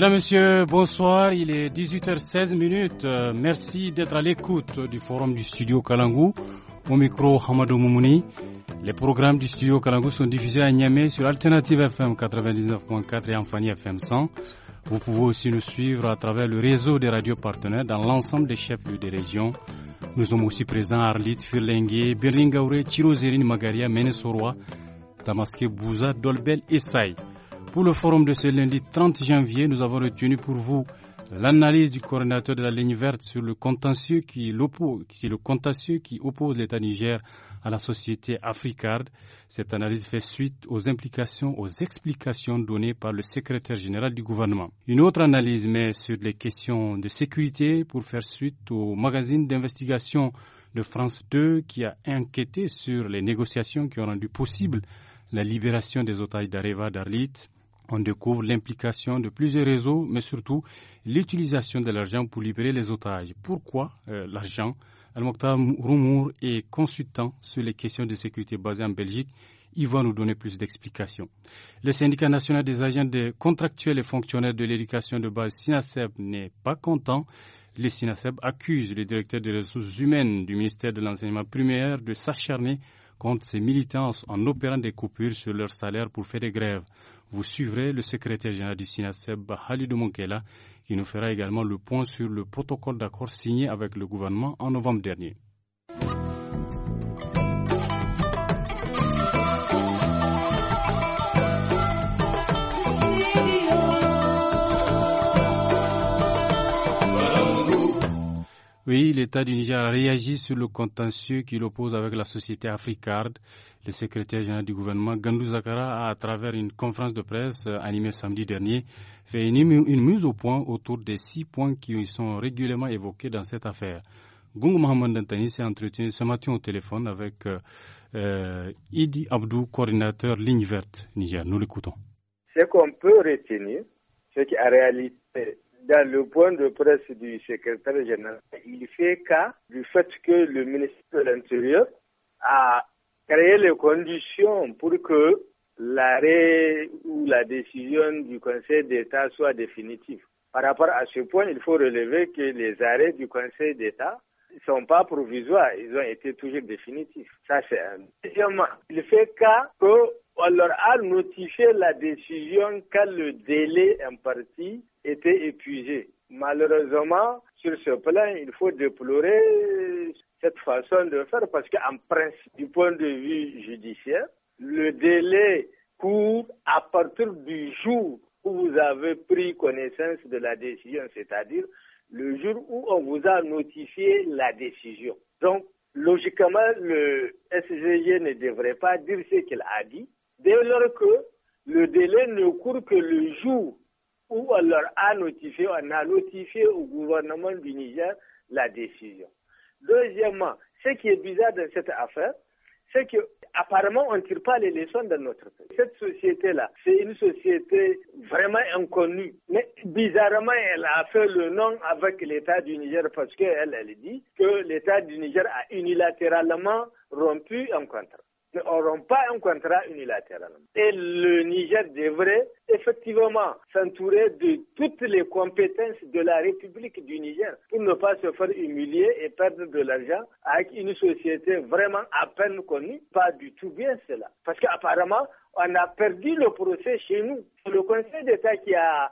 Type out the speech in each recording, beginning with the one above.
Mesdames, Messieurs, bonsoir. Il est 18h16 minutes. Euh, merci d'être à l'écoute du forum du studio Kalangou. Au micro, Hamadou Moumouni. Les programmes du studio Kalangou sont diffusés à Niamey sur Alternative FM 99.4 et Amphani FM 100. Vous pouvez aussi nous suivre à travers le réseau des radios partenaires dans l'ensemble des chefs-lieux des régions. Nous sommes aussi présents à Arlit, Firlengue, Berlingauré, Chirozérine, Magaria, Menesoroa, Tamaské, Bouza, Dolbel et Saï. Pour le forum de ce lundi 30 janvier, nous avons retenu pour vous l'analyse du coordinateur de la ligne verte sur le contentieux qui, le contentieux qui oppose l'État Niger à la société Africard. Cette analyse fait suite aux implications, aux explications données par le secrétaire général du gouvernement. Une autre analyse met sur les questions de sécurité pour faire suite au magazine d'investigation de France 2 qui a inquiété sur les négociations qui ont rendu possible la libération des otages d'Areva d'Arlit. On découvre l'implication de plusieurs réseaux, mais surtout l'utilisation de l'argent pour libérer les otages. Pourquoi euh, l'argent Al-Mokhtar Roumour est consultant sur les questions de sécurité basées en Belgique. Il va nous donner plus d'explications. Le syndicat national des agents contractuels et fonctionnaires de l'éducation de base SINASEB n'est pas content. Les SINASEB accusent le directeur des ressources humaines du ministère de l'enseignement primaire de s'acharner contre ces militants en opérant des coupures sur leur salaire pour faire des grèves vous suivrez le secrétaire général du SINASEB, Halidou Monkela, qui nous fera également le point sur le protocole d'accord signé avec le gouvernement en novembre dernier. Oui, l'État du Niger réagi sur le contentieux qu'il oppose avec la société Africard. Le secrétaire général du gouvernement, Gandou Zakara, a, à travers une conférence de presse euh, animée samedi dernier, fait une, mise au point autour des six points qui sont régulièrement évoqués dans cette affaire. Gung Mohamed Dantani s'est entretenu ce matin au téléphone avec euh, euh, Idi Abdou, coordinateur Ligne Verte Niger. Nous l'écoutons. Ce qu'on peut retenir, c'est qu'en réalité, dans le point de presse du secrétaire général, il fait cas du fait que le ministre de l'Intérieur a créer les conditions pour que l'arrêt ou la décision du Conseil d'État soit définitive. Par rapport à ce point, il faut relever que les arrêts du Conseil d'État ne sont pas provisoires, ils ont été toujours définitifs. Ça, c'est un. Deuxièmement, il fait cas qu'on leur a notifié la décision quand le délai imparti était épuisé. Malheureusement, sur ce plan, il faut déplorer cette façon de faire parce qu'en principe, du point de vue judiciaire, le délai court à partir du jour où vous avez pris connaissance de la décision, c'est-à-dire le jour où on vous a notifié la décision. Donc, logiquement, le SGG ne devrait pas dire ce qu'il a dit, dès lors que le délai ne court que le jour où on leur a notifié, on a notifié au gouvernement du Niger la décision. Deuxièmement, ce qui est bizarre dans cette affaire, c'est que apparemment on ne tire pas les leçons de notre pays. Cette société-là, c'est une société vraiment inconnue. Mais bizarrement, elle a fait le nom avec l'État du Niger parce qu'elle, elle dit que l'État du Niger a unilatéralement rompu un contrat n'auront pas un contrat unilatéral. Et le Niger devrait effectivement s'entourer de toutes les compétences de la République du Niger pour ne pas se faire humilier et perdre de l'argent avec une société vraiment à peine connue. Pas du tout bien cela. Parce qu'apparemment, on a perdu le procès chez nous. le Conseil d'État qui a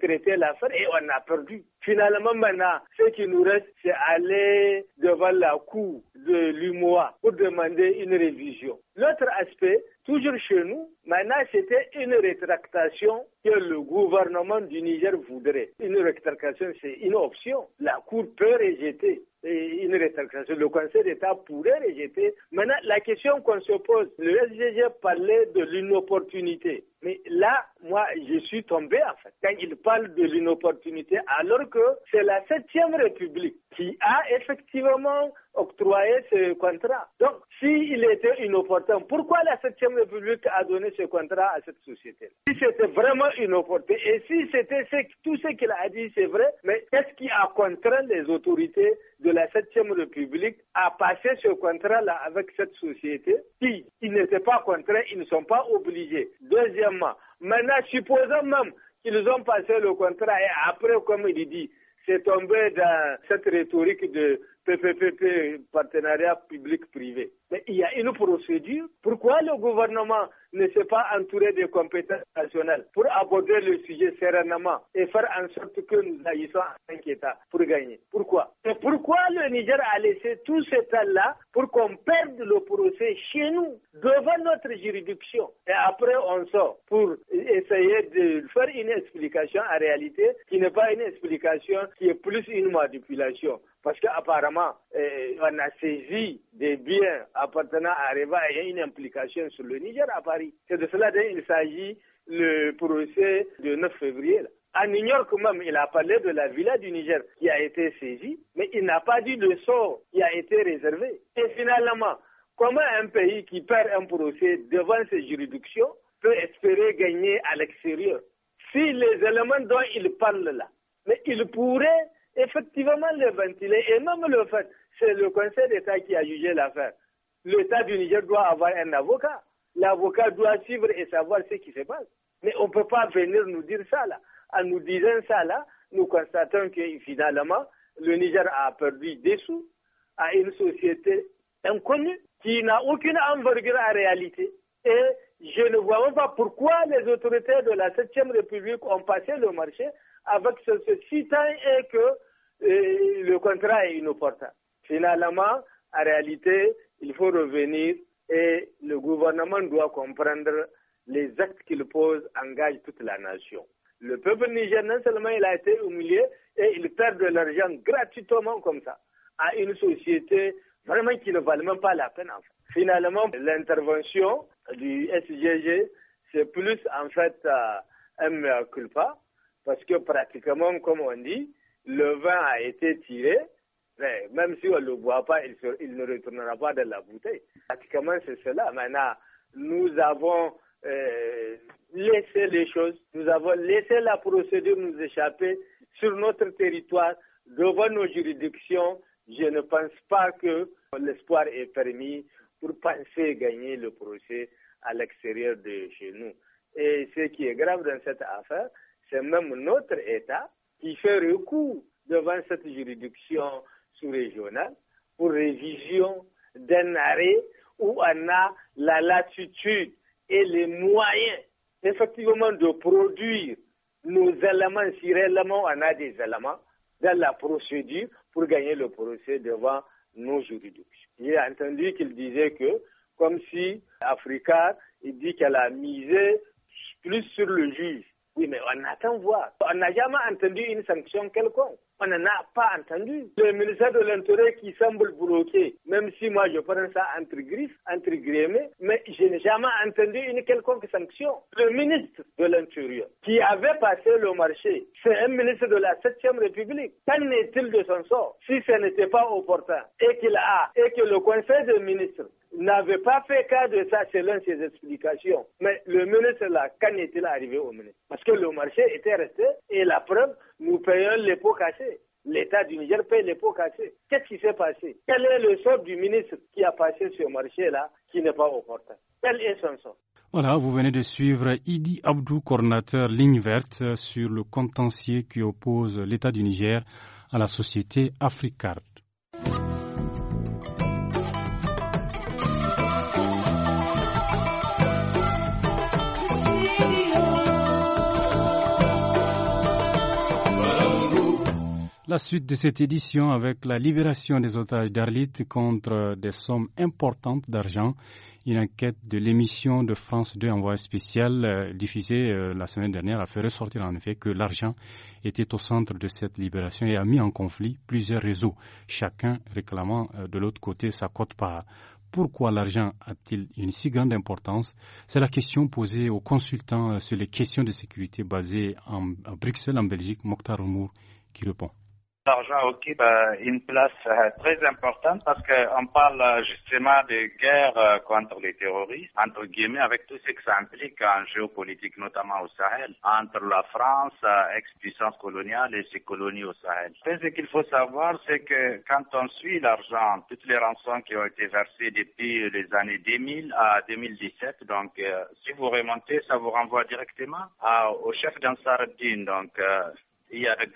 traiter l'affaire et on a perdu. Finalement, maintenant, ce qui nous reste, c'est aller devant la cour de l'UMOA pour demander une révision. L'autre aspect, toujours chez nous, maintenant, c'était une rétractation que le gouvernement du Niger voudrait. Une rétractation, c'est une option. La cour peut rejeter une rétractation. Le Conseil d'État pourrait rejeter. Maintenant, la question qu'on se pose, le SGG parlait de l'inopportunité. Mais là, moi, je suis tombé, en fait, quand il parle de l'inopportunité, alors que c'est la 7e République qui a effectivement octroyé ce contrat. Donc, s'il était inopportun, pourquoi la 7e République a donné ce contrat à cette société Si c'était vraiment inopportun, et si c'était tout ce qu'il a dit, c'est vrai, mais qu'est-ce qui a contraint les autorités de la 7e République à passer ce contrat-là avec cette société Si ils n'étaient pas contraints, ils ne sont pas obligés. Deuxièmement, maintenant, supposons même qu'ils ont passé le contrat et après, comme il dit, c'est tombé dans cette rhétorique de PPPP, partenariat public-privé. Mais il y a une procédure. Pourquoi le gouvernement ne s'est pas entouré de compétences nationales pour aborder le sujet sereinement et faire en sorte que nous agissions en cinq États pour gagner. Pourquoi Et pourquoi le Niger a laissé tout ce temps-là pour qu'on perde le procès chez nous, devant notre juridiction. Et après, on sort pour essayer de faire une explication en réalité qui n'est pas une explication, qui est plus une manipulation. Parce qu'apparemment, euh, on a saisi des biens appartenant à y ayant une implication sur le Niger à Paris. C'est de cela dont il s'agit le procès du 9 février. On ignore New York même, il a parlé de la villa du Niger qui a été saisie, mais il n'a pas dit le sort qui a été réservé. Et finalement, comment un pays qui perd un procès devant ses juridictions peut espérer gagner à l'extérieur Si les éléments dont il parle là, mais il pourrait Effectivement, le ventilé, et même le fait, c'est le Conseil d'État qui a jugé l'affaire. L'État du Niger doit avoir un avocat. L'avocat doit suivre et savoir ce qui se passe. Mais on ne peut pas venir nous dire ça là. En nous disant ça là, nous constatons que finalement, le Niger a perdu des sous à une société inconnue qui n'a aucune envergure en réalité. Et je ne vois même pas pourquoi les autorités de la 7e République ont passé le marché avec ce, ce et que le contrat est inopportun. Finalement, en réalité, il faut revenir et le gouvernement doit comprendre les actes qu'il pose engagent toute la nation. Le peuple nigérien, non seulement il a été humilié, et il perd de l'argent gratuitement comme ça à une société vraiment qui ne valent même pas la peine. Finalement, l'intervention du SGG, c'est plus en fait euh, un un culpa, parce que pratiquement, comme on dit, le vin a été tiré, même si on ne le boit pas, il, ne retournera pas dans la bouteille. Pratiquement, c'est cela. Maintenant, nous avons euh, laissé les choses, nous avons laissé la procédure nous échapper sur notre territoire, devant nos juridictions. Je ne pense pas que l'espoir est permis pour penser gagner le procès à l'extérieur de chez nous. Et ce qui est grave dans cette affaire, c'est même notre État qui fait recours devant cette juridiction sous-régionale pour révision d'un arrêt où on a la latitude et les moyens effectivement de produire nos éléments, si réellement on a des éléments, dans la procédure pour gagner le procès devant nos juridictions. J'ai entendu qu'il disait que, comme si Africa, il dit qu'elle a misé plus sur le juge oui, mais on attend voir. On n'a jamais entendu une sanction quelconque. On n'en a pas entendu. Le ministère de l'Intérieur qui semble bloqué, même si moi je prends ça entre griffes, entre grémés, mais je n'ai jamais entendu une quelconque sanction. Le ministre de l'Intérieur qui avait passé le marché, c'est un ministre de la 7 République. Qu'en est-il de son sort si ce n'était pas opportun et qu'il a et que le Conseil des ministres n'avait pas fait cas de ça selon ses explications. Mais le ministre là, quand est arrivé au ministre Parce que le marché était resté et la preuve, nous payons les pots cassés. L'État du Niger paye les pots cassés. Qu'est-ce qui s'est passé Quel est le sort du ministre qui a passé ce marché-là qui n'est pas opportun Quel est son sort voilà, vous venez de suivre Idi Abdou, coordinateur Ligne Verte, sur le contentieux qui oppose l'État du Niger à la société Africar La suite de cette édition avec la libération des otages d'Arlit contre des sommes importantes d'argent. Une enquête de l'émission de France 2 envoyée spécial euh, diffusée euh, la semaine dernière a fait ressortir en effet que l'argent était au centre de cette libération et a mis en conflit plusieurs réseaux, chacun réclamant euh, de l'autre côté sa cote-part. Pourquoi l'argent a-t-il une si grande importance C'est la question posée aux consultants sur les questions de sécurité basées en, à Bruxelles, en Belgique, Mokhtar Omour, qui répond. L'argent occupe ben, une place euh, très importante parce qu'on parle euh, justement de guerre euh, contre les terroristes, entre guillemets, avec tout ce que ça implique en géopolitique, notamment au Sahel, entre la France, ex-puissance coloniale, et ses colonies au Sahel. ce qu'il faut savoir, c'est que quand on suit l'argent, toutes les rançons qui ont été versées depuis les années 2000 à 2017, donc si vous remontez, ça vous renvoie directement à, au chef d'un sardine, donc il y a le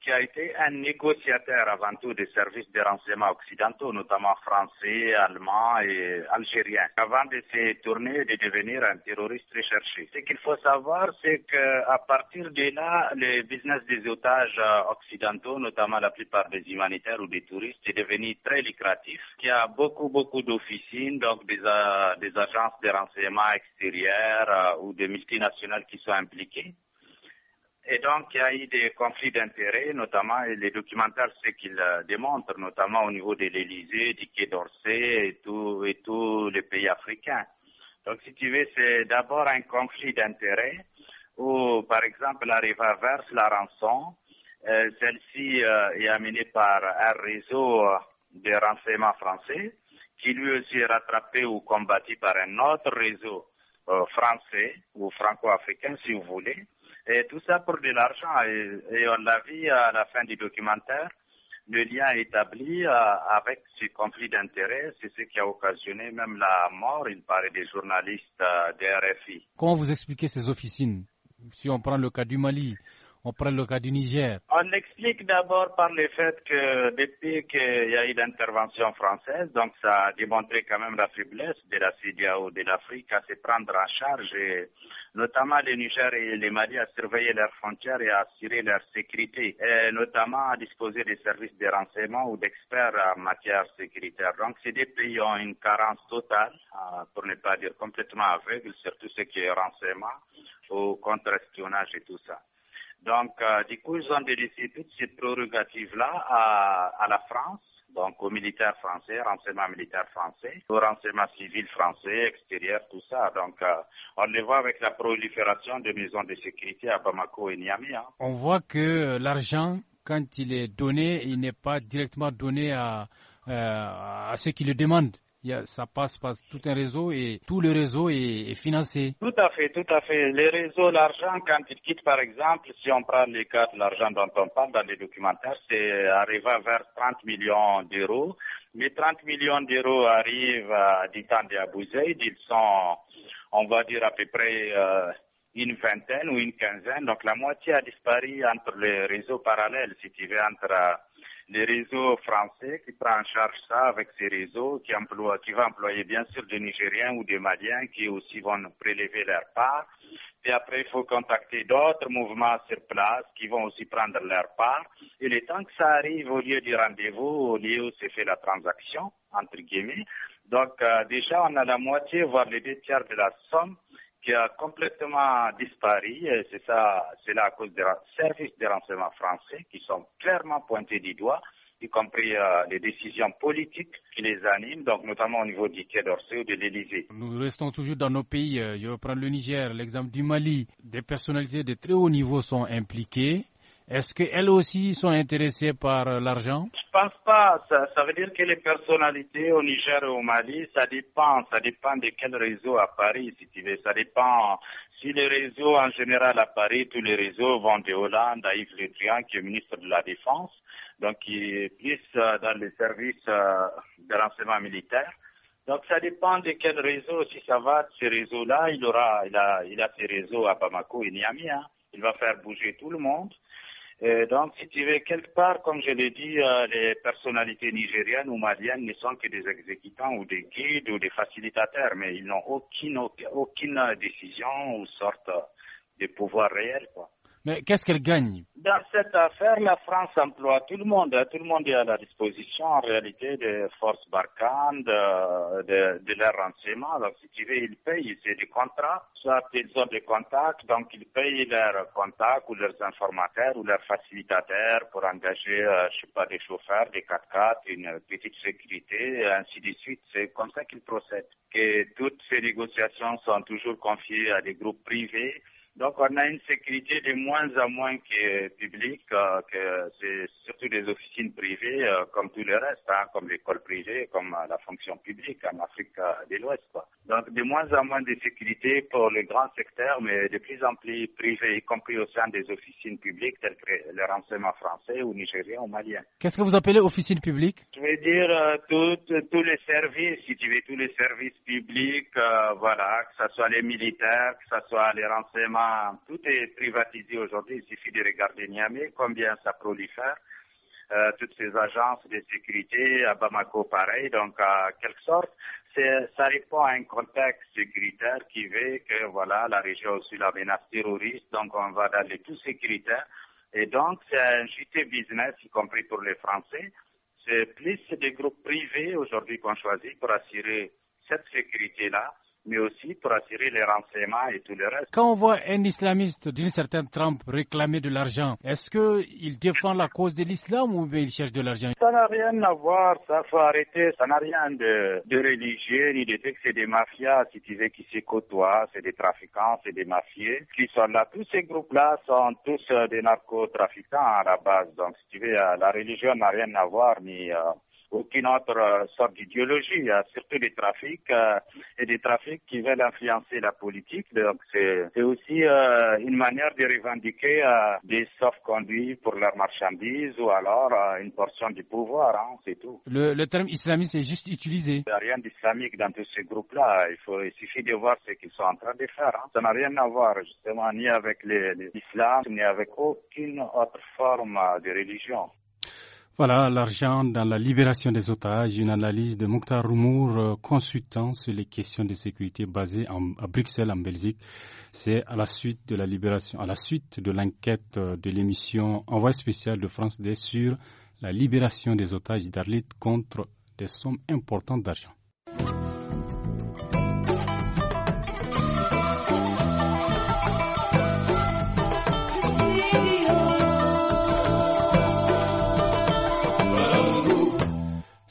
qui a été un négociateur avant tout des services de renseignement occidentaux, notamment français, allemands et algériens, avant de se tourner et de devenir un terroriste recherché. Ce qu'il faut savoir, c'est qu'à partir de là, le business des otages occidentaux, notamment la plupart des humanitaires ou des touristes, est devenu très lucratif, Il y a beaucoup, beaucoup d'officines, donc des, euh, agences de renseignement extérieures euh, ou des multinationales qui sont impliquées. Et donc, il y a eu des conflits d'intérêts, notamment, et les documentaires, ce qu'ils euh, démontrent, notamment au niveau de l'Élysée, du Quai d'Orsay et tous et les pays africains. Donc, si tu veux, c'est d'abord un conflit d'intérêts où, par exemple, la Riva verse la rançon. Euh, celle-ci euh, est amenée par un réseau de renseignements français qui lui aussi est rattrapé ou combattu par un autre réseau français ou franco-africain, si vous voulez. Et tout ça pour de l'argent. Et, on l'a vu à la fin du documentaire, le lien établi euh, avec ce conflit d'intérêts, c'est ce qui a occasionné même la mort, il paraît, des journalistes euh, des RFI. Comment vous expliquez ces officines Si on prend le cas du Mali, on prend le cas du Niger. On explique d'abord par le fait que depuis qu'il y a eu l'intervention française, donc ça a démontré quand même la faiblesse de la ou de l'Afrique à se prendre en charge, et notamment le Niger et les Mali à surveiller leurs frontières et à assurer leur sécurité, et notamment à disposer des services de renseignement ou d'experts en matière sécuritaire. Donc ces deux pays ont une carence totale, euh, pour ne pas dire complètement aveugle, sur tout ce qui est renseignement ou contre-espionnage et tout ça. Donc, euh, du coup, ils ont délaissé toutes ces prérogatives-là à, la France donc aux militaires français, renseignements militaire français, aux renseignement civil français, extérieur, tout ça. Donc euh, on le voit avec la prolifération de maisons de sécurité à Bamako et Niamey. Hein. On voit que euh, l'argent, quand il est donné, il n'est pas directement donné à ceux qui le demandent ça passe par tout un réseau et tout le réseau est, est financé. Tout à fait, tout à fait. Les réseaux, l'argent, quand ils quittent, par exemple, si on prend les cartes, l'argent dont on parle dans les documentaires, c'est arrivé vers 30 millions d'euros. Mais 30 millions d'euros arrivent à Ditan et à Bouzeid. Ils sont, on va dire, à peu près... Euh, une vingtaine ou une quinzaine. Donc la moitié a disparu entre les réseaux parallèles, si tu veux, entre euh, les réseaux français qui prend en charge ça avec ces réseaux, qui, emploie, qui va employer bien sûr des Nigériens ou des Maliens qui aussi vont prélever leur part. Et après, il faut contacter d'autres mouvements sur place qui vont aussi prendre leur part. Et le temps que ça arrive au lieu du rendez-vous, au lieu où s'est fait la transaction, entre guillemets, donc euh, déjà on a la moitié, voire les deux tiers de la somme qui a complètement disparu. C'est ça, c'est là à cause des services de renseignement français qui sont clairement pointés du doigt, y compris euh, les décisions politiques qui les animent, donc notamment au niveau du Quai d'Orsay ou de l'Élysée. Nous restons toujours dans nos pays. Euh, je vais le Niger, l'exemple du Mali. Des personnalités de très haut niveau sont impliquées. Est-ce qu'elles aussi sont intéressées par euh, l'argent Je pense pas. Ça, veut dire que les personnalités au Niger et au Mali, ça dépend. Ça dépend de quel réseau à Paris, si tu veux. Ça dépend. Si les réseaux en général à Paris, tous les réseaux vont de Hollande à Yves Le Drian, qui est ministre de la Défense, donc qui est plus euh, dans les services euh, de renseignement militaire. Donc ça dépend de quel réseau. Si ça va ces réseaux-là, il aura, il a, ses réseaux à Bamako et Niamey. Hein. Il va faire bouger tout le monde. Et euh, donc, si tu veux, quelque part, comme je l'ai dit, euh, les personnalités nigériennes ou maliennes ne sont que des exécutants ou des guides ou des facilitateurs, mais ils n'ont aucune, aucune décision ou sorte de pouvoir réel. Quoi. Mais qu'est-ce qu'elle gagne Dans cette affaire, la France emploie tout le monde. Tout le monde est à la disposition, en réalité, des forces Barkhane, de, de, de leurs renseignements. Alors, si tu veux, ils payent, c'est des contrats. Soit ils ont des contacts, donc ils payent leurs contacts ou leurs informateurs ou leurs facilitateurs pour engager, je euh, je sais pas, des chauffeurs, des 4x4, une petite sécurité, ainsi de suite. C'est comme ça qu'ils procèdent. Que toutes ces négociations sont toujours confiées à des groupes privés donc on a une sécurité de moins en moins qui est publique, euh, que c'est surtout des officines privées euh, comme tout le reste, hein, comme l'école privée, comme euh, la fonction publique en Afrique de l'Ouest. Donc de moins en moins de sécurité pour le grand secteur, mais de plus en plus privé, y compris au sein des officines publiques telles que le renseignement français ou nigérien ou malien. Qu'est-ce que vous appelez officine publique Je veux dire euh, tous les services, si tu veux, tous les services publics, voilà, que ce soit les militaires, que ce soit les renseignements tout est privatisé aujourd'hui. Il suffit de regarder Niamey, combien ça prolifère. Euh, toutes ces agences de sécurité, à Bamako pareil, donc en quelque sorte, ça répond à un contexte sécuritaire qui veut que voilà, la région aussi la menace terroriste, donc on va dans les tout sécuritaires. Et donc c'est un JT business, y compris pour les Français. C'est plus des groupes privés aujourd'hui qu'on choisit pour assurer cette sécurité-là mais aussi pour assurer les renseignements et tout le reste. Quand on voit un islamiste d'une certaine trempe réclamer de l'argent, est-ce qu'il défend la cause de l'islam ou bien il cherche de l'argent Ça n'a rien à voir, ça faut arrêter, ça n'a rien de, religieux ni de fait que c'est des mafias, si tu veux, qui se côtoient, c'est des trafiquants, c'est des mafieux qui sont là. Tous ces groupes-là sont tous euh, des narcotrafiquants à la base, donc si tu veux, euh, la religion n'a rien à voir ni... Euh, aucune autre euh, sorte d'idéologie, surtout des trafics euh, et des trafics qui veulent influencer la politique. Donc c'est aussi euh, une manière de revendiquer des soft conduits pour leurs marchandises ou alors une portion du pouvoir, hein, c'est tout. Le, terme islamiste est juste utilisé. Il n'y a rien d'islamique dans tous ces groupes-là. Il, il suffit de voir ce qu'ils sont en train de faire. Hein. Ça n'a rien à voir justement ni avec l'islam, ni avec aucune autre forme de religion. Voilà, l'argent dans la libération des otages, une analyse de Mokhtar Rumour euh, consultant sur les questions de sécurité basées à Bruxelles, en Belgique. C'est à la suite de la libération, à la suite de l'enquête euh, de l'émission Envoi spécial de France D sur la libération des otages d'Arlit contre des sommes importantes d'argent.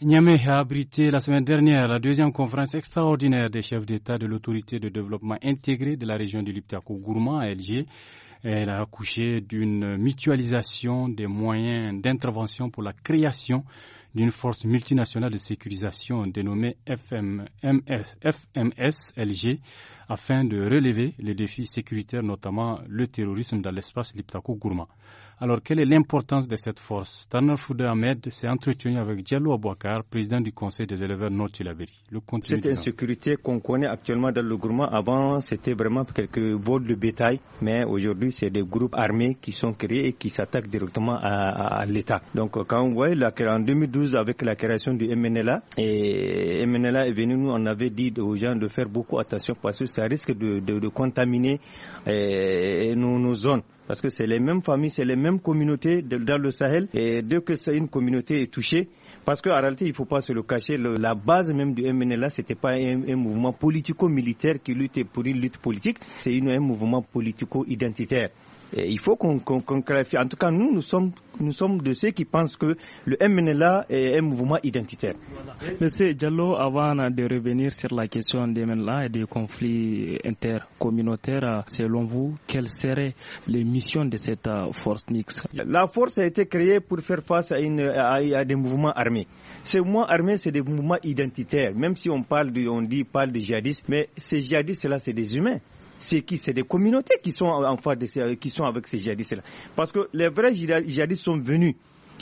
Niamey a abrité la semaine dernière la deuxième conférence extraordinaire des chefs d'État de l'autorité de développement intégré de la région du Liptako-Gourma à LG, Elle a accouché d'une mutualisation des moyens d'intervention pour la création d'une force multinationale de sécurisation dénommée FMS, FMS-LG afin de relever les défis sécuritaires, notamment le terrorisme dans l'espace Liptako-Gourma. Alors, quelle est l'importance de cette force Tanner Foudé Ahmed s'est entretenu avec Diallo Abouakar, président du Conseil des éleveurs Nord-Tilaberi. Cette insécurité qu'on connaît actuellement dans le gourmand, avant c'était vraiment quelques vols de bétail, mais aujourd'hui c'est des groupes armés qui sont créés et qui s'attaquent directement à, l'État. Donc quand on voit la, en 2012 avec la création du MNLA, et MNLA est venu, nous on avait dit aux gens de faire beaucoup attention parce que ça risque de, contaminer euh, nos zones parce que c'est les mêmes familles, c'est les mêmes communautés dans le Sahel. Et dès que c'est une communauté est touchée, parce qu'en réalité, il ne faut pas se le cacher, la base même du MNLA, ce n'était pas un, un mouvement politico-militaire qui luttait pour une lutte politique, c'est un mouvement politico-identitaire il faut qu'on clarifie. En tout cas, nous, nous sommes, de ceux qui pensent que le MNLA est un mouvement identitaire. Monsieur Diallo, avant de revenir sur la question des MNLA et des conflits intercommunautaires, selon vous, quelles seraient les missions de cette euh, force mixte La force a été créée pour faire face à, une, à, des mouvements armés. Ces mouvements armés, c'est des mouvements identitaires. Même si on parle de, on parle de djihadistes, mais ces djihadistes-là, c'est des humains c'est qui C'est des communautés qui sont en face de qui sont avec ces djihadistes-là. Parce que les vrais djihadistes sont venus.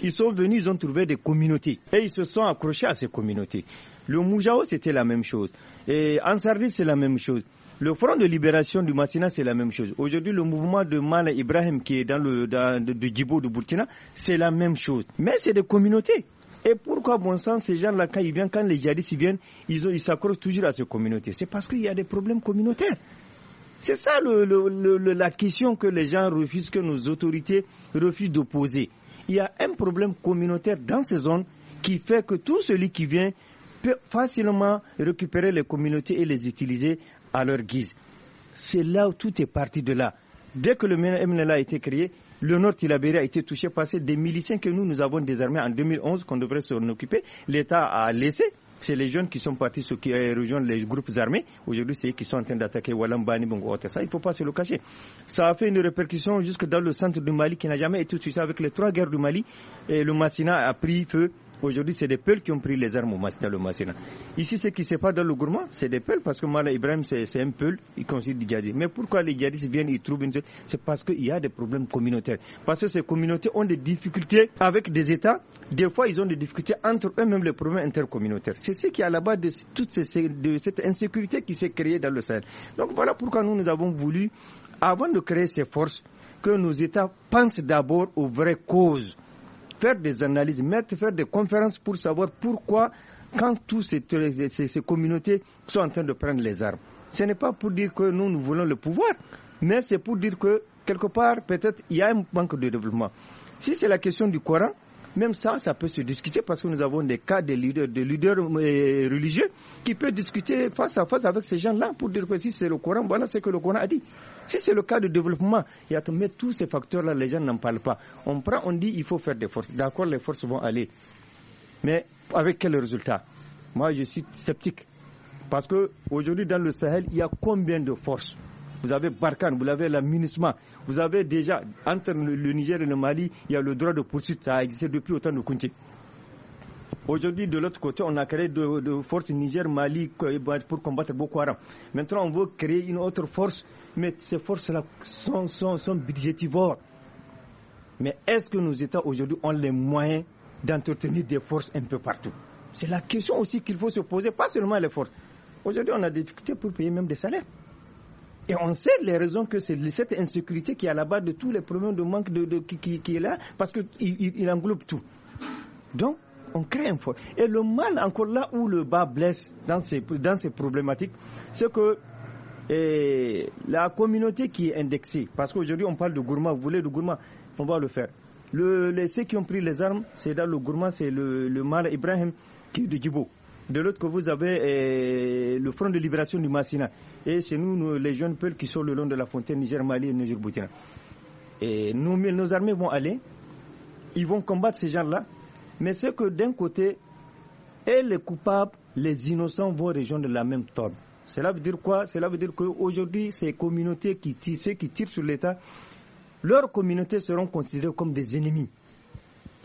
Ils sont venus, ils ont trouvé des communautés et ils se sont accrochés à ces communautés. Le Moujao, c'était la même chose. Et Ansardi, c'est la même chose. Le Front de libération du Massina, c'est la même chose. Aujourd'hui, le mouvement de Mala Ibrahim qui est dans le dans, de, de de Burkina, c'est la même chose. Mais c'est des communautés. Et pourquoi, bon sang, ces gens-là, quand ils viennent, quand les djihadistes viennent, ils s'accrochent toujours à ces communautés C'est parce qu'il y a des problèmes communautaires. C'est ça le, la question que les gens refusent, que nos autorités refusent de poser. Il y a un problème communautaire dans ces zones qui fait que tout celui qui vient peut facilement récupérer les communautés et les utiliser à leur guise. C'est là où tout est parti de là. Dès que le MNLA a été créé, le Nord Tilabéry a été touché par des miliciens que nous, nous avons désarmés en 2011, qu'on devrait s'en occuper. L'État a laissé c'est les jeunes qui sont partis, ceux qui euh, rejoignent les groupes armés. Aujourd'hui, c'est eux qui sont en train d'attaquer Walambani, Bongo, Ça, il ne faut pas se le cacher. Ça a fait une répercussion jusque dans le centre du Mali qui n'a jamais été touché avec les trois guerres du Mali. Et le Massina a pris feu Aujourd'hui, c'est des peuls qui ont pris les armes au dans le Ici, ce qui se passe dans le gourmand, c'est des peuls, parce que Mala Ibrahim, c'est un peul, il considère des djihadistes. Mais pourquoi les djihadistes viennent, ils trouvent une C'est parce qu'il y a des problèmes communautaires. Parce que ces communautés ont des difficultés avec des États. Des fois, ils ont des difficultés entre eux-mêmes, les problèmes intercommunautaires. C'est ce qui est à la base de toute cette, de cette insécurité qui s'est créée dans le Sahel. Donc voilà pourquoi nous, nous avons voulu, avant de créer ces forces, que nos États pensent d'abord aux vraies causes faire des analyses, mettre, faire des conférences pour savoir pourquoi, quand toutes ces, ces, communautés sont en train de prendre les armes. Ce n'est pas pour dire que nous, nous voulons le pouvoir, mais c'est pour dire que, quelque part, peut-être, il y a un manque de développement. Si c'est la question du Coran, même ça, ça peut se discuter parce que nous avons des cas de leaders, euh, religieux qui peuvent discuter face à face avec ces gens-là pour dire que si c'est le Coran, voilà ce que le Coran a dit. Si c'est le cas de développement, il y a tous ces facteurs-là, les gens n'en parlent pas. On prend, on dit, il faut faire des forces. D'accord, les forces vont aller. Mais avec quel résultat Moi, je suis sceptique. Parce qu'aujourd'hui, dans le Sahel, il y a combien de forces vous avez Barkhane, vous avez MINUSMA, vous avez déjà, entre le Niger et le Mali, il y a le droit de poursuite, ça a existé depuis autant de Kunti. Aujourd'hui, de l'autre côté, on a créé de, forces Niger-Mali eh ben, pour combattre Boko Haram. Maintenant, on veut créer une autre force, mais ces forces-là sont, sont budgétivores. Mais est-ce que nos États aujourd'hui ont les moyens d'entretenir des forces un peu partout C'est la question aussi qu'il faut se poser, pas seulement les forces. Aujourd'hui, on a des difficultés pour payer même des salaires. Et on sait les raisons que c'est cette insécurité qui est à la base de tous les problèmes de manque de, qui, est là, parce qu'il il, englobe tout. Donc, on crée un fort. Et le mal, encore là où le bas blesse dans ces, dans ces problématiques, c'est que eh, la communauté qui est indexée, parce qu'aujourd'hui on parle de gourmand, vous voulez de gourmand, on va le faire. Le, les, ceux qui ont pris les armes, c'est dans le gourmand, c'est le, mal Ibrahim qui est de Djibo de l'autre que vous avez eh, le front de libération du Massina. Et c'est nous, les jeunes peuples qui sont le long de la frontière Niger-Mali et niger Boutina. Et nos armées vont aller, ils vont combattre ces gens-là, mais c'est que d'un côté, les coupables, les innocents vont rejoindre la même tombe. Cela veut dire quoi Cela veut dire qu'aujourd'hui, ces communautés qui tirent, qui tirent sur l'État, leurs communautés seront considérées comme des ennemis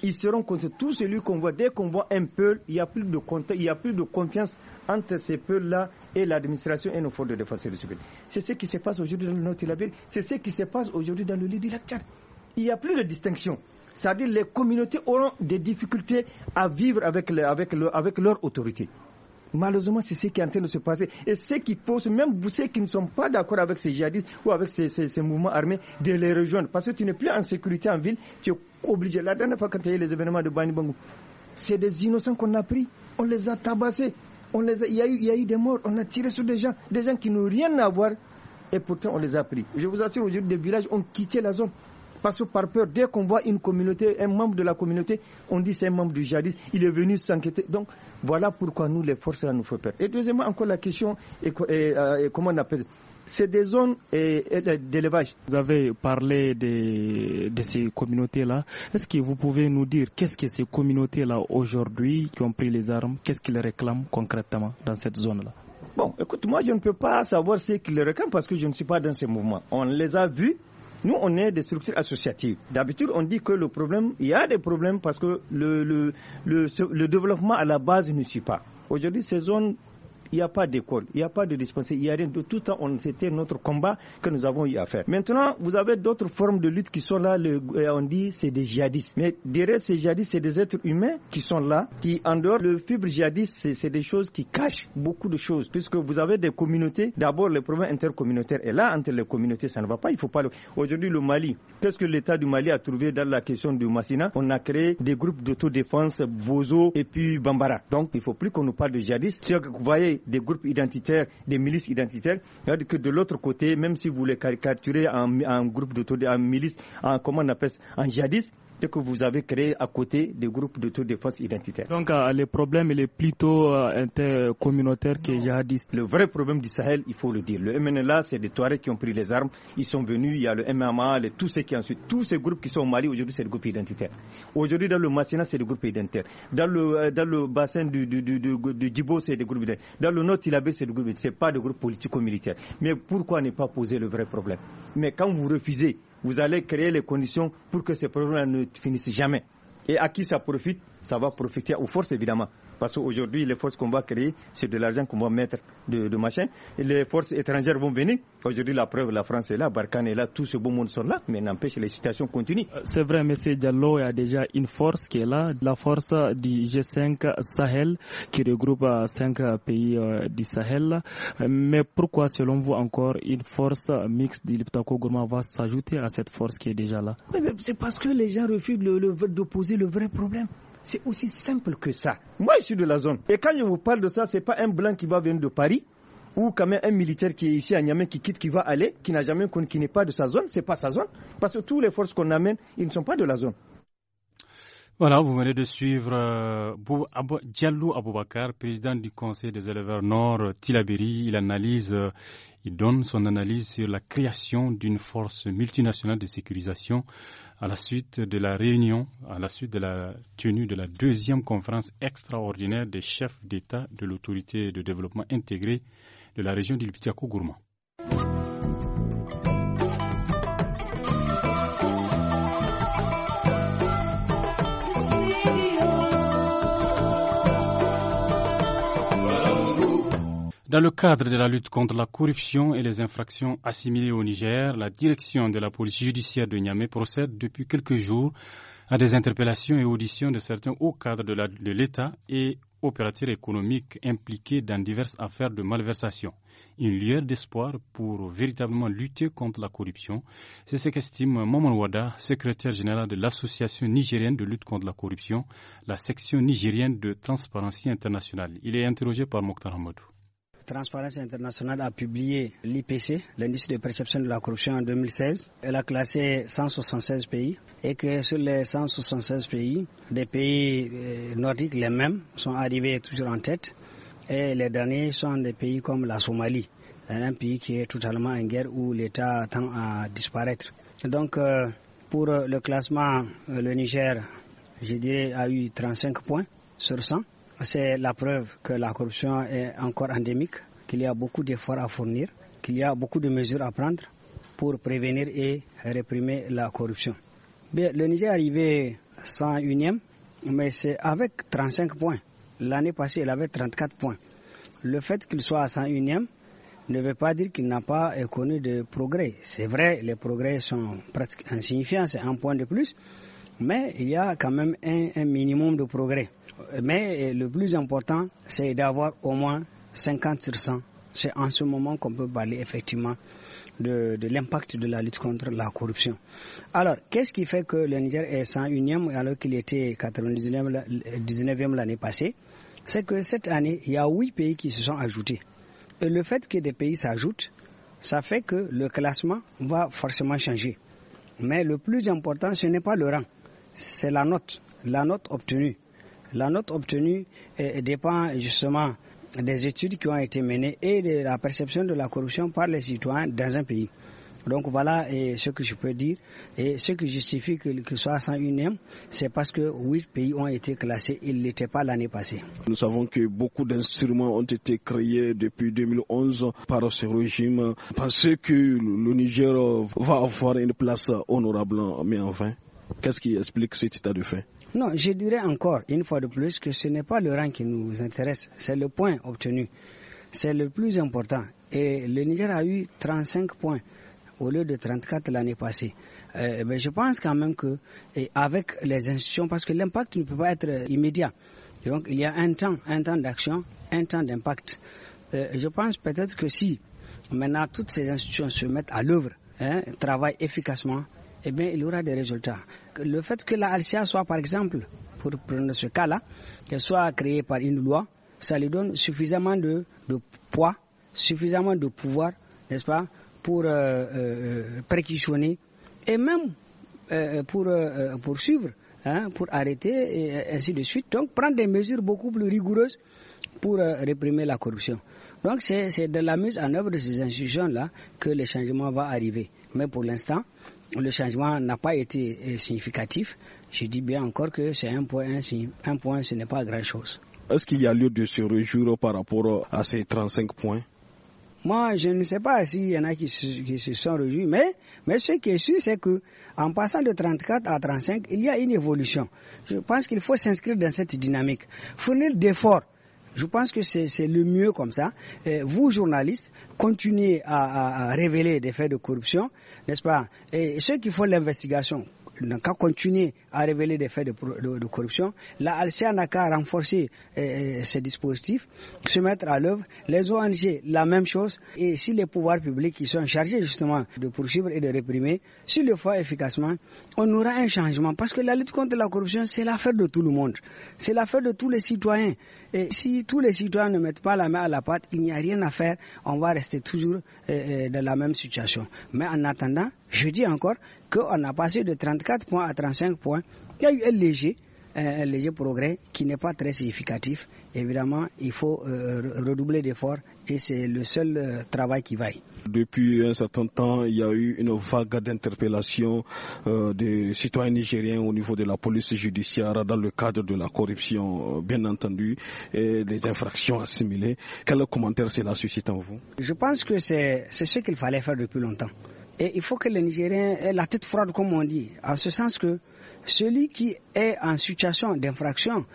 ils seront contre tout celui qu'on voit. Dès qu'on voit un peuple, il n'y a, plus de il y a plus de confiance entre ces peuples-là et l'administration et nos forces de défense et de sécurité. C'est ce qui se passe aujourd'hui dans le nord c'est ce qui se passe aujourd'hui dans le lit Il n'y a plus de distinction. C'est-à-dire que les communautés auront des difficultés à vivre avec, avec, avec leur autorité. Malheureusement, c'est ce qui est en train de se passer. Et ceux qui posent, même ceux qui ne sont pas d'accord avec ces djihadistes ou avec ces, mouvements armés, de les rejoindre. Parce que tu n'es plus en sécurité en ville, tu es obligé. La dernière fois, quand il y a eu les événements de Bani c'est des innocents qu'on a pris, on les a tabassés, on il, y a eu, il y a eu des morts, on a tiré sur des gens, des gens qui n'ont rien à voir, et pourtant on les a pris. Je vous assure, aujourd'hui, des villages ont quitté la zone. Parce que par peur, dès qu'on voit une communauté, un membre de la communauté, on dit c'est un membre du jadis, il est venu s'inquiéter. Donc voilà pourquoi nous, les forces, là nous fait peur. Et deuxièmement, encore la question, euh, comment on appelle c'est des zones d'élevage. Vous avez parlé de, de ces communautés-là. Est-ce que vous pouvez nous dire qu'est-ce que ces communautés-là aujourd'hui qui ont pris les armes, qu'est-ce qu'ils réclament concrètement dans cette zone-là Bon, écoute, moi je ne peux pas savoir ce qu'ils réclament parce que je ne suis pas dans ces mouvements. On les a vus, nous, on est des structures associatives. D'habitude, on dit que le problème, il y a des problèmes parce que le, le, le, développement à la base ne suit pas. Aujourd'hui, ces zones il n'y a pas d'école, il n'y a pas de dispensaire, il n'y a rien de tout temps. C'était notre combat que nous avons eu à faire. Maintenant, vous avez d'autres formes de lutte qui sont là. Le, euh, on dit c'est des djihadistes. Mais derrière ces djihadistes, c'est des êtres humains qui sont là, qui en dehors le fibre djihadiste, c'est des choses qui cachent beaucoup de choses, puisque vous avez des communautés. D'abord, les problème intercommunautaires, est là entre les communautés, ça ne va pas. Il faut pas. Le... Aujourd'hui, le Mali, qu'est-ce que l'État du Mali a trouvé dans la question du Massina On a créé des groupes d'autodéfense, Bozo et puis Bambara. Donc, il faut plus qu'on nous parle de djihadistes. vous voyez des groupes identitaires, des milices identitaires. cest que de l'autre côté, même si vous les caricaturez en, groupe d'auto, en milice, en, comment on appelle ça, en que vous avez créé à côté des groupes défense identitaire. Donc euh, le problème il est plutôt euh, intercommunautaire que jihadiste. Le vrai problème du Sahel, il faut le dire. Le MNLA, c'est des Touaregs qui ont pris les armes, ils sont venus, il y a le MMA, tous ceux qui ensuite, tous ces groupes qui sont au Mali aujourd'hui, c'est des groupes identitaires. Aujourd'hui dans le Massina, c'est des groupes identitaires. Dans le euh, dans le bassin du du, du, Djibo, c'est des groupes identitaires. Dans le Nord Tilabé, c'est des groupes, c'est pas des groupes politico-militaires. Mais pourquoi ne pas poser le vrai problème Mais quand vous refusez vous allez créer les conditions pour que ces problèmes ne finissent jamais. Et à qui ça profite ça va profiter aux forces, évidemment. Parce qu'aujourd'hui, les forces qu'on va créer, c'est de l'argent qu'on va mettre de, machin. Et les forces étrangères vont venir. Aujourd'hui, la preuve, la France est là, Barkhane est là, tout ce beau monde sont là. Mais n'empêche, les situations continuent. Euh, c'est vrai, M. Diallo, il y a déjà une force qui est là, la force du G5 Sahel, qui regroupe euh, cinq euh, pays du Sahel. Mais pourquoi, selon vous, encore une force mixte du Liptako va s'ajouter à cette force qui est déjà là C'est parce que les gens refusent de poser le vrai problème. C'est aussi simple que ça. Moi, je suis de la zone. Et quand je vous parle de ça, ce n'est pas un blanc qui va venir de Paris ou quand même un militaire qui est ici à Niamey qui quitte, qui va aller, qui n'a jamais, qui n'est pas de sa zone, c'est pas sa zone, parce que toutes les forces qu'on amène, ils ne sont pas de la zone. Voilà, vous venez de suivre euh, Diallo Aboubakar, président du Conseil des éleveurs Nord Tillabéri. Il analyse, euh, il donne son analyse sur la création d'une force multinationale de sécurisation à la suite de la réunion, à la suite de la tenue de la deuxième conférence extraordinaire des chefs d'État de l'autorité de développement intégré de la région du gourmand Dans le cadre de la lutte contre la corruption et les infractions assimilées au Niger, la direction de la police judiciaire de Niamey procède depuis quelques jours à des interpellations et auditions de certains hauts cadres de l'État et opérateurs économiques impliqués dans diverses affaires de malversation. Une lueur d'espoir pour véritablement lutter contre la corruption. C'est ce qu'estime Maman Wada, secrétaire général de l'Association nigérienne de lutte contre la corruption, la section nigérienne de transparence Internationale. Il est interrogé par Mokhtar Hamadou. Transparency International a publié l'IPC, l'indice de perception de la corruption en 2016. Elle a classé 176 pays et que sur les 176 pays, des pays euh, nordiques les mêmes sont arrivés toujours en tête et les derniers sont des pays comme la Somalie, un pays qui est totalement en guerre où l'État tend à disparaître. Donc euh, pour le classement, euh, le Niger, je dirais, a eu 35 points sur 100. C'est la preuve que la corruption est encore endémique, qu'il y a beaucoup d'efforts à fournir, qu'il y a beaucoup de mesures à prendre pour prévenir et réprimer la corruption. le Niger est arrivé 101e, mais c'est avec 35 points. L'année passée, il avait 34 points. Le fait qu'il soit à 101e ne veut pas dire qu'il n'a pas connu de progrès. C'est vrai, les progrès sont pratiquement insignifiants, c'est un point de plus, mais il y a quand même un, minimum de progrès. Mais euh, le plus important, c'est d'avoir au moins 50%. C'est en ce moment qu'on peut parler effectivement de, de l'impact de la lutte contre la corruption. Alors, qu'est-ce qui fait que le Niger est 101e alors qu'il était 99e l'année passée C'est que cette année, il y a 8 pays qui se sont ajoutés. Et le fait que des pays s'ajoutent, ça fait que le classement va forcément changer. Mais le plus important, ce n'est pas le rang c'est la note, la note obtenue. La note obtenue euh, dépend justement des études qui ont été menées et de la perception de la corruption par les citoyens dans un pays. Donc voilà euh, ce que je peux dire. Et ce qui justifie qu'il que soit 101e, c'est parce que huit pays ont été classés. Ils ne l'étaient pas l'année passée. Nous savons que beaucoup d'instruments ont été créés depuis 2011 par ce régime. parce que le Niger va avoir une place honorable, mais enfin. Qu'est-ce qui explique cet état de fait Non, je dirais encore, une fois de plus, que ce n'est pas le rang qui nous intéresse, c'est le point obtenu. C'est le plus important. Et le Niger a eu 35 points au lieu de 34 l'année passée. Euh, eh ben, je pense quand même que, avec les institutions, parce que l'impact ne peut pas être immédiat. Donc il y a un temps, un temps d'action, un temps d'impact. Euh, je pense peut-être que si maintenant toutes ces institutions se mettent à l'œuvre, hein, travaillent efficacement, eh bien, il y aura des résultats le fait que la RCA soit, par exemple, pour prendre ce cas-là, qu'elle soit créée par une loi, ça lui donne suffisamment de, poids, suffisamment de pouvoir, n'est-ce pas, pour euh, euh et même euh, euh, pour poursuivre, hein, pour arrêter et ainsi de suite. Donc prendre des mesures beaucoup plus rigoureuses pour réprimer la corruption. Donc c'est de la mise en œuvre de ces institutions-là que le changement va arriver. Mais pour l'instant, le changement n'a pas été euh, significatif. Je dis bien encore que c'est un point, un point, ce n'est pas grand-chose. Est-ce qu'il y a lieu de se réjouir par rapport à ces 35 points moi, je ne sais pas s'il y en a qui se, sont réjouis, mais, mais ce qui est sûr, c'est que en passant de 34 à 35, il y a une évolution. Je pense qu'il faut s'inscrire dans cette dynamique, fournir d'efforts. Je pense que c'est le mieux comme ça. vous, journalistes, continuez à révéler des faits de corruption, n'est-ce pas Et ceux qui font l'investigation, n'a qu'à continuer à révéler des faits de, corruption. La Alsace n'a qu'à renforcer euh, ces dispositifs, se mettre à l'œuvre. Les ONG, la même chose. Et si les pouvoirs publics qui sont chargés justement de poursuivre et de réprimer, s'ils le font efficacement, on aura un changement. Parce que la lutte contre la corruption, c'est l'affaire de tout le monde. C'est l'affaire de tous les citoyens. Et si tous les citoyens ne mettent pas la main à la pâte, il n'y a rien à faire. On va rester toujours eh, eh, dans la même situation. Mais en attendant, je dis encore qu'on a passé de 34 points à 35 points. Il y a eu euh, un léger, progrès qui n'est pas très significatif. Évidemment, il faut euh, redoubler d'efforts et c'est le seul euh, travail qui vaille. Depuis un certain temps, il y a eu une vague d'interpellations des citoyens nigériens au niveau de la police judiciaire dans le cadre de la corruption, bien entendu, et des infractions assimilées. Quel commentaire cela suscite en vous Je pense que c'est ce qu'il fallait faire depuis longtemps. Et il faut que les Nigériens aient la tête froide, comme on dit, en ce sens que celui qui est en situation d'infraction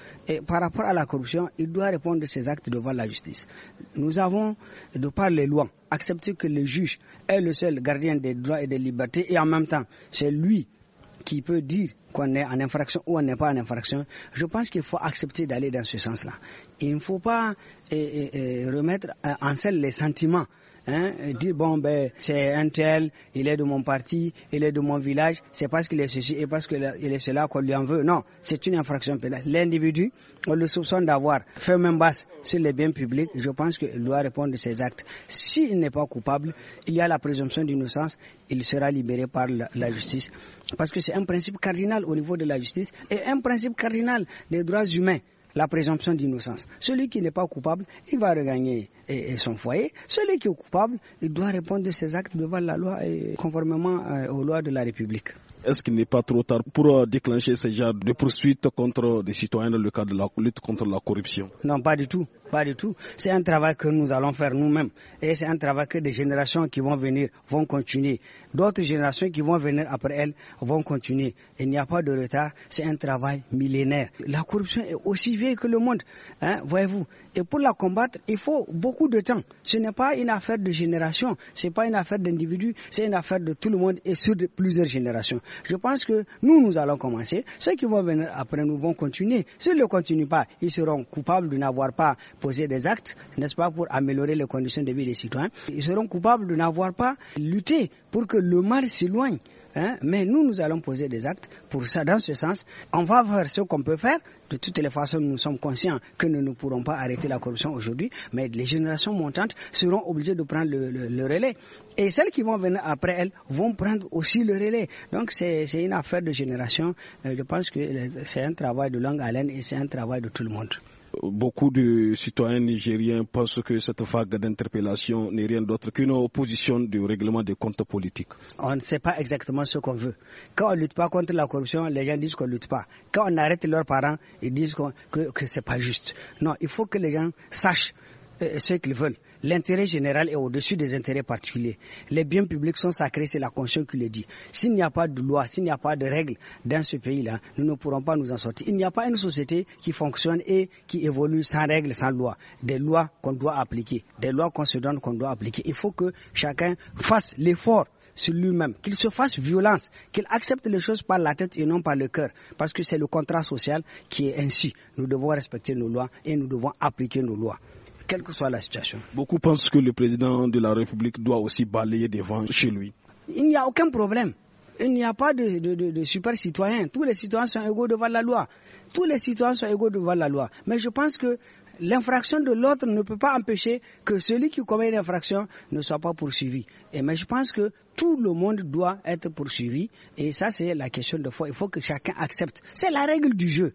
par rapport à la corruption, il doit répondre de ses actes devant la justice. Nous avons, de par les lois, accepté que le juge est le seul gardien des droits et des libertés et en même temps, c'est lui qui peut dire qu'on est en infraction ou on n'est pas en infraction, je pense qu'il faut accepter d'aller dans ce sens-là. Il ne faut pas eh, eh, eh, remettre en scène les sentiments hein, dire bon ben c'est un tel, il est de mon parti, il est de mon village, c'est parce qu'il est ceci et parce qu'il est cela qu'on lui en veut. Non, c'est une infraction pénale. L'individu, on le soupçonne d'avoir fait main basse sur les biens publics, je pense qu'il doit répondre de ses actes. S'il n'est pas coupable, il y a la présomption d'innocence, il sera libéré par la justice. Parce que c'est un principe cardinal au niveau de la justice et un principe cardinal des droits humains la présomption d'innocence. Celui qui n'est pas coupable, il va regagner eh, eh, son foyer. Celui qui est coupable, il doit répondre de ses actes devant la loi et conformément euh, aux lois de la République. Est-ce qu'il n'est pas trop tard pour euh, déclencher ce genre de poursuites contre des citoyens dans le cadre de la lutte contre la corruption Non, pas du tout. Pas du tout. C'est un travail que nous allons faire nous-mêmes. Et c'est un travail que des générations qui vont venir vont continuer. D'autres générations qui vont venir après elles vont continuer. Il n'y a pas de retard. C'est un travail millénaire. La corruption est aussi vieille que le monde. Hein, voyez-vous. Et pour la combattre, il faut beaucoup de temps. Ce n'est pas une affaire de génération. Ce n'est pas une affaire d'individu, C'est une affaire de tout le monde et sur plusieurs générations. Je pense que nous, nous allons commencer. Ceux qui vont venir après nous vont continuer. S'ils ne continuent pas, ils seront coupables de n'avoir pas posé des actes, n'est-ce pas, pour améliorer les conditions de vie des citoyens. Ils seront coupables de n'avoir pas lutté pour que le mal s'éloigne Hein, mais nous, nous allons poser des actes pour ça, dans ce sens. On va voir ce qu'on peut faire. De toutes les façons, nous sommes conscients que nous ne pourrons pas arrêter la corruption aujourd'hui, mais les générations montantes seront obligées de prendre le, relais. Et celles qui vont venir après elles vont prendre aussi le relais. Donc c'est une affaire de génération. Euh, je pense que c'est un travail de longue haleine et c'est un travail de tout le monde beaucoup de citoyens nigériens pensent que cette vague d'interpellation n'est rien d'autre qu'une opposition du règlement des comptes politiques. On ne sait pas exactement ce qu'on veut. Quand on ne lutte pas contre la corruption, les gens disent qu'on ne lutte pas. Quand on arrête leurs parents, ils disent que, ce n'est pas juste. Non, il faut que les gens sachent ce qu'ils veulent. L'intérêt général est au-dessus des intérêts particuliers. Les biens publics sont sacrés, c'est la conscience qui le dit. S'il n'y a pas de loi, s'il n'y a pas de règles dans ce pays-là, nous ne pourrons pas nous en sortir. Il n'y a pas une société qui fonctionne et qui évolue sans règles, sans lois. Des lois qu'on doit appliquer, des lois qu'on se donne, qu'on doit appliquer. Il faut que chacun fasse l'effort sur lui-même, qu'il se fasse violence, qu'il accepte les choses par la tête et non par le cœur, parce que c'est le contrat social qui est ainsi. Nous devons respecter nos lois et nous devons appliquer nos lois quelle que soit la situation. Beaucoup pensent que le président de la République doit aussi balayer des vents chez lui. Il n'y a aucun problème. Il n'y a pas de, super citoyens. Tous les citoyens sont égaux devant la loi. Tous les citoyens sont égaux devant la loi. Mais je pense que l'infraction de l'autre ne peut pas empêcher que celui qui commet une infraction ne soit pas poursuivi. Et mais je pense que tout le monde doit être poursuivi. Et ça, c'est la question de foi. Il faut que chacun accepte. C'est la règle du jeu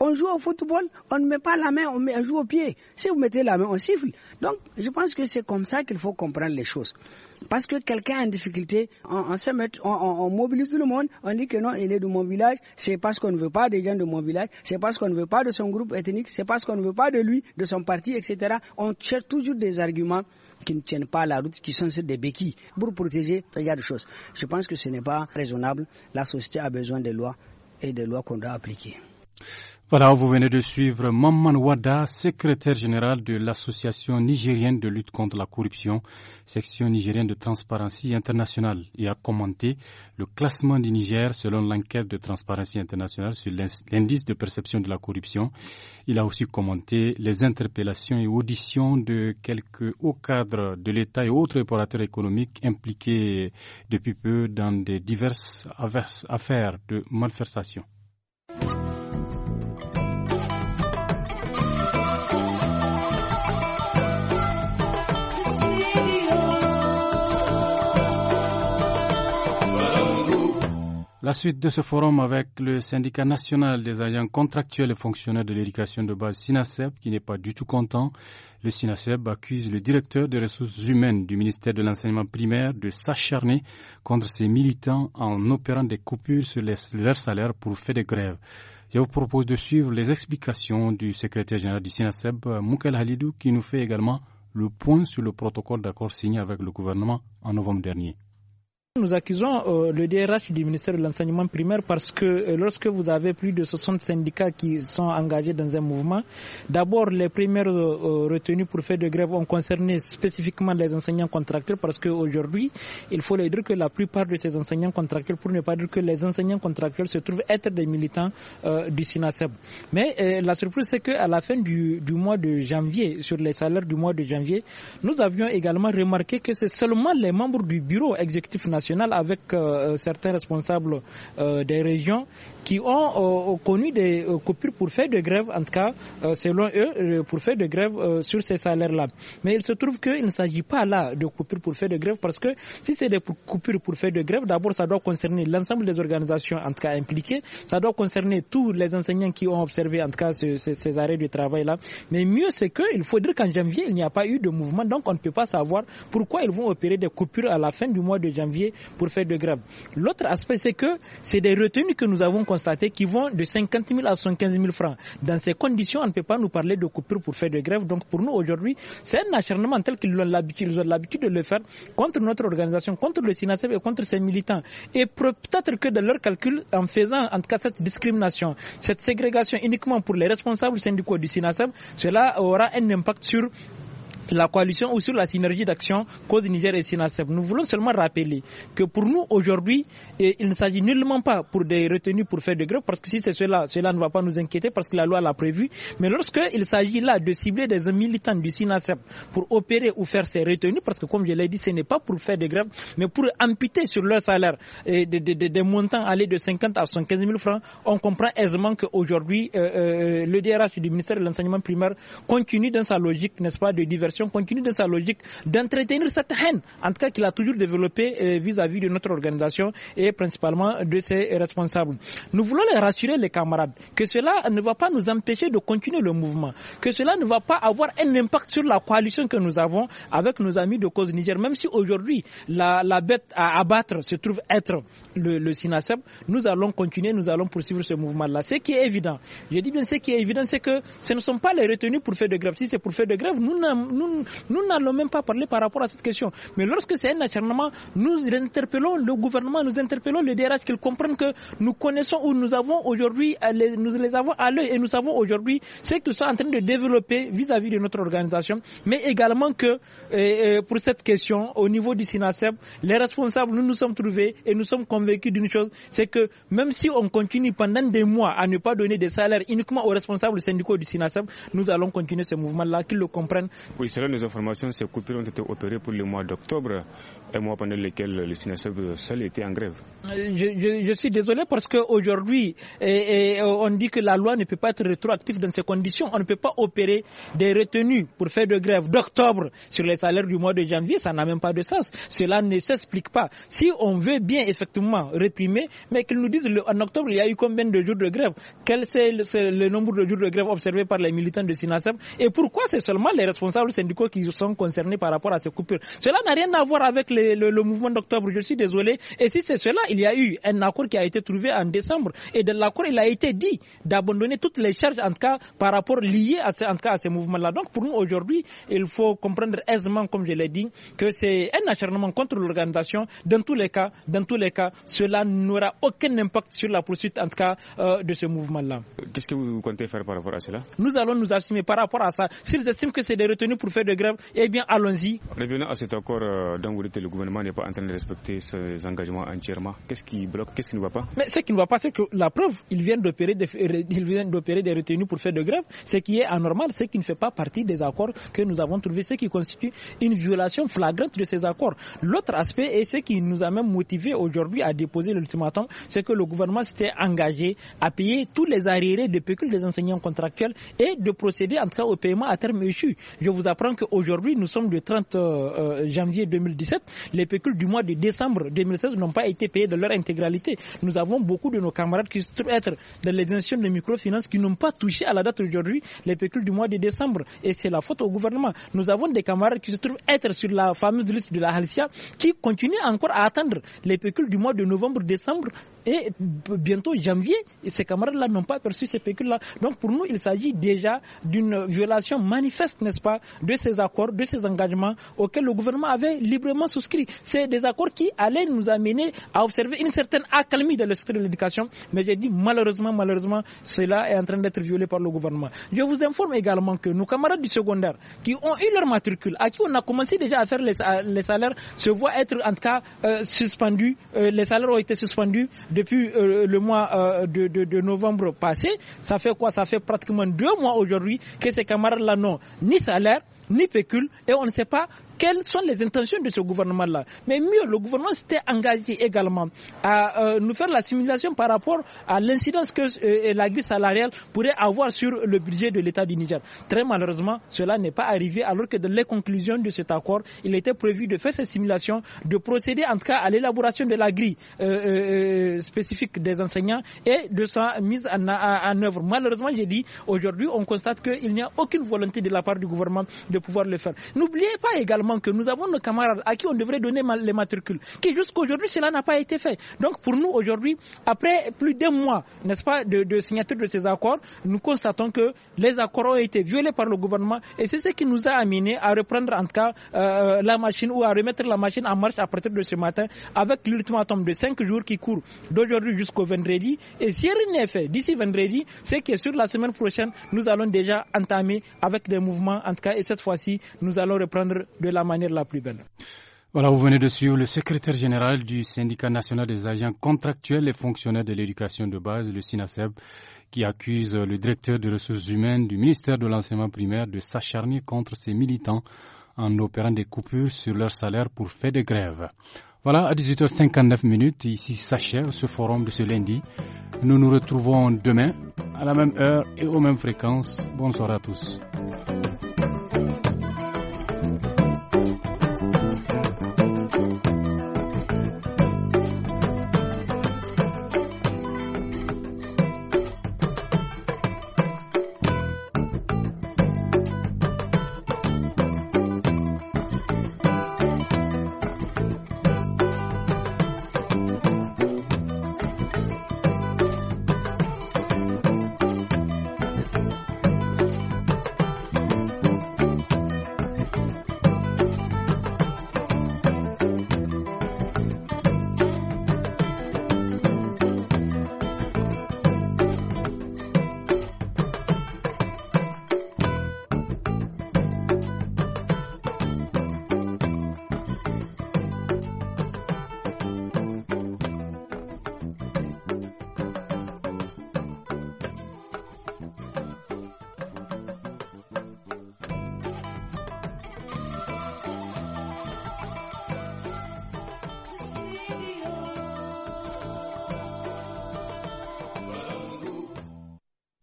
on joue au football, on ne met pas la main, on, met, joue au pied. Si vous mettez la main, on siffle. Donc, je pense que c'est comme ça qu'il faut comprendre les choses. Parce que quelqu'un en difficulté, on, se met, on, mobilise tout le monde, on dit que non, il est de mon village, c'est parce qu'on ne veut pas des gens de mon village, c'est parce qu'on ne veut pas de son groupe ethnique, c'est parce qu'on ne veut pas de lui, de son parti, etc. On cherche toujours des arguments qui ne tiennent pas la route, qui sont des béquilles pour protéger ce genre de choses. Je pense que ce n'est pas raisonnable. La société a besoin des lois et des lois qu'on doit appliquer. Voilà, vous venez de suivre Maman Wada, secrétaire général de l'Association nigérienne de lutte contre la corruption, section nigérienne de transparence internationale, et a commenté le classement du Niger selon l'enquête de transparence internationale sur l'indice de perception de la corruption. Il a aussi commenté les interpellations et auditions de quelques hauts cadres de l'État et autres opérateurs économiques impliqués depuis peu dans des diverses affaires de malversation. La suite de ce forum avec le syndicat national des agents contractuels et fonctionnaires de l'éducation de base SINACEB, qui n'est pas du tout content. Le SINACEB accuse le directeur des ressources humaines du ministère de l'enseignement primaire de s'acharner contre ses militants en opérant des coupures sur leur salaire pour faire des grèves. Je vous propose de suivre les explications du secrétaire général du SINACEB, Moukel Halidou, qui nous fait également le point sur le protocole d'accord signé avec le gouvernement en novembre dernier. Nous accusons euh, le DRH du ministère de l'enseignement primaire parce que euh, lorsque vous avez plus de 60 syndicats qui sont engagés dans un mouvement, d'abord les premières euh, retenues pour faire de grève ont concerné spécifiquement les enseignants contractuels parce qu'aujourd'hui, il faut le dire que la plupart de ces enseignants contractuels, pour ne pas dire que les enseignants contractuels se trouvent être des militants du SINASEB. Mais la surprise, c'est qu'à la fin du mois de janvier, sur les salaires du mois de janvier, nous avions également remarqué que c'est seulement les membres du bureau exécutif national avec euh, euh, certains responsables euh, des régions qui ont connu des coupures pour faire de grève, en tout cas selon eux, pour faire de grève sur ces salaires-là. Mais il se trouve qu'il ne s'agit pas là de coupures pour faire de grève parce que si c'est des coupures pour faire de grève, d'abord ça doit concerner l'ensemble des organisations en tout cas impliquées, ça doit concerner tous les enseignants qui ont observé en tout cas ces arrêts de travail-là. Mais mieux c'est qu'il faut dire qu'en janvier il n'y a pas eu de mouvement, donc on ne peut pas savoir pourquoi ils vont opérer des coupures à la fin du mois de janvier pour faire de grève. L'autre aspect, c'est que c'est des retenues que nous avons constatées qui vont de 50 000 à 115 000 francs. Dans ces conditions, on ne peut pas nous parler de coupure pour faire de grève. Donc pour nous, aujourd'hui, c'est un acharnement tel qu'ils ont l'habitude de le faire contre notre organisation, contre le SINASEB et contre ses militants. Et peut-être que dans leur calcul, en faisant en tout cas cette discrimination, cette ségrégation uniquement pour les responsables syndicaux du SINASEB, cela aura un impact sur la coalition ou sur la synergie d'action cause Niger et Sinacep. Nous voulons seulement rappeler que pour nous aujourd'hui, eh, il ne s'agit nullement pas pour des retenues pour faire des grèves, parce que si c'est cela, cela ne va pas nous inquiéter parce que la loi l'a prévu. Mais lorsqu'il s'agit là de cibler des militants du SINASEP pour opérer ou faire ces retenues, parce que comme je l'ai dit, ce n'est pas pour faire des grèves, mais pour amputer sur leur salaire eh, des montants allés de 50 à 115 000 francs, on comprend aisément qu'aujourd'hui, euh, euh, le DRH du ministère de l'Enseignement primaire continue dans sa logique, n'est-ce pas, de diversion continue de sa logique d'entretenir cette haine, en tout cas qu'il a toujours développée euh, vis-à-vis de notre organisation et principalement de ses responsables. Nous voulons les rassurer, les camarades, que cela ne va pas nous empêcher de continuer le mouvement, que cela ne va pas avoir un impact sur la coalition que nous avons avec nos amis de cause Niger, même si aujourd'hui la, bête à abattre se trouve être le, le SINASEP, nous allons continuer, nous allons poursuivre ce mouvement-là. Ce qui est évident, je dis bien ce qui est évident, c'est que ce ne sont pas les retenus pour faire de grève. Si c'est pour faire de grève, nous, nous nous n'allons même pas parler par rapport à cette question. Mais lorsque c'est un acharnement, nous interpellons le gouvernement, nous interpellons le DRH qu'ils comprennent que nous connaissons où nous avons aujourd'hui, euh, nous les avons à l'œil et nous savons aujourd'hui ce nous sont en train de développer vis-à-vis de notre organisation, mais également que euh, euh, pour cette question, au niveau du SINASEP, les responsables, nous nous sommes trouvés et nous sommes convaincus d'une chose, c'est que même si on continue pendant des mois à ne pas donner des salaires uniquement aux responsables syndicaux du SINASEP, nous allons continuer ce mouvement-là, qu'ils le comprennent les informations, ces coupures ont été opérées pour le mois d'octobre, un mois pendant lequel le seul était en grève. Je, suis désolé parce qu'aujourd'hui, euh, on dit que la loi ne peut pas être rétroactive dans ces conditions. On ne peut pas opérer des retenues pour faire de grève d'octobre sur les salaires du mois de janvier. Ça n'a même pas de sens. Cela ne s'explique pas. Si on veut bien effectivement réprimer, mais qu'ils nous disent en octobre, il y a eu combien de jours de grève Quel est le, nombre de jours de grève observés par les militants de SINASEB Et pourquoi c'est seulement les responsables syndicaux qui sont concernés par rapport à ces coupures. Cela n'a rien à voir avec le, mouvement d'octobre, je suis désolé. Et si c'est cela, il y a eu un accord qui a été trouvé en décembre. Et de l'accord, il a été dit d'abandonner toutes les charges, en tout cas, par rapport liées à, en cas, à ces mouvements-là. Donc, pour nous, aujourd'hui, il faut comprendre aisément, comme je l'ai dit, que c'est un acharnement contre l'organisation. Dans tous les cas, dans tous les cas, cela n'aura aucun impact sur la poursuite, en tout cas, euh, de ce mouvement-là. Qu'est-ce que vous comptez faire par rapport à cela Nous allons nous assumer par rapport à ça. S'ils estiment que c'est des retenues pour faire de grève, eh bien allons-y. Revenons à cet accord euh, dites le gouvernement n'est pas en train de respecter ses engagements entièrement. Qu'est-ce qui bloque Qu'est-ce qui ne va pas Mais ce qui ne va pas, c'est que la preuve, ils viennent d'opérer des, euh, des retenues pour faire de grève, ce qui est anormal, ce qui ne fait pas partie des accords que nous avons trouvés, ce qui constitue une violation flagrante de ces accords. L'autre aspect, et ce qui nous a même motivé aujourd'hui à déposer l'ultimatum, c'est que le gouvernement s'était engagé à payer tous les arriérés de pécule des enseignants contractuels et de procéder en tout cas au paiement à terme échu. Je vous apprends donc qu'aujourd'hui, nous sommes le 30 euh, euh, janvier 2017. Les pécules du mois de décembre 2016 n'ont pas été payées de leur intégralité. Nous avons beaucoup de nos camarades qui se trouvent être dans les institutions de microfinance qui n'ont pas touché à la date d'aujourd'hui les pécules du mois de décembre. Et c'est la faute au gouvernement. Nous avons des camarades qui se trouvent être sur la fameuse liste de la Halicia qui continuent encore à attendre les pécules du mois de novembre, décembre et bientôt janvier. Et ces camarades-là n'ont pas perçu ces pécules-là. Donc pour nous, il s'agit déjà d'une violation manifeste, n'est-ce pas, de ces accords, de ces engagements auxquels le gouvernement avait librement souscrit. C'est des accords qui allaient nous amener à observer une certaine accalmie de le de l'éducation. Mais j'ai dit malheureusement, malheureusement, cela est en train d'être violé par le gouvernement. Je vous informe également que nos camarades du secondaire qui ont eu leur matricule, à qui on a commencé déjà à faire les salaires, se voient être en tout cas euh, suspendus. Euh, les salaires ont été suspendus depuis euh, le mois de, de novembre passé. Ça fait quoi Ça fait pratiquement deux mois aujourd'hui que ces camarades-là n'ont ni salaire, ni pécule et on ne sait pas quelles sont les intentions de ce gouvernement-là. Mais mieux, le gouvernement s'était engagé également à euh, nous faire la simulation par rapport à l'incidence que euh, la grille salariale pourrait avoir sur le budget de l'État du Niger. Très malheureusement, cela n'est pas arrivé alors que dans les conclusions de cet accord, il était prévu de faire cette simulation, de procéder en tout cas à l'élaboration de la grille euh, spécifique des enseignants et de sa mise en, en œuvre. Malheureusement, j'ai dit, aujourd'hui, on constate qu'il n'y a aucune volonté de la part du gouvernement de pouvoir le faire. N'oubliez pas également que nous avons nos camarades à qui on devrait donner les matricules, qui aujourd'hui, cela n'a pas été fait. Donc pour nous aujourd'hui, après plus d'un mois, n'est-ce pas, de, signature de ces accords, nous constatons que les accords ont été violés par le gouvernement et c'est ce qui nous a amené à reprendre en tout cas euh, la machine ou à remettre la machine en marche à partir de ce matin avec l'ultimatum de 5 jours qui court d'aujourd'hui jusqu'au vendredi. Et si rien n'est fait d'ici vendredi, c'est que sur la semaine prochaine, nous allons déjà entamer avec des mouvements en tout cas et cette fois-ci, nous allons reprendre de la la manière la plus belle. Voilà, vous venez de suivre le secrétaire général du syndicat national des agents contractuels et fonctionnaires de l'éducation de base, le SINASEB, qui accuse le directeur des ressources humaines du ministère de l'enseignement primaire de s'acharner contre ses militants en opérant des coupures sur leur salaire pour fait de grève. Voilà, à 18h59 minutes, ici s'achève ce forum de ce lundi. Nous nous retrouvons demain à la même heure et aux mêmes fréquences. Bonsoir à tous.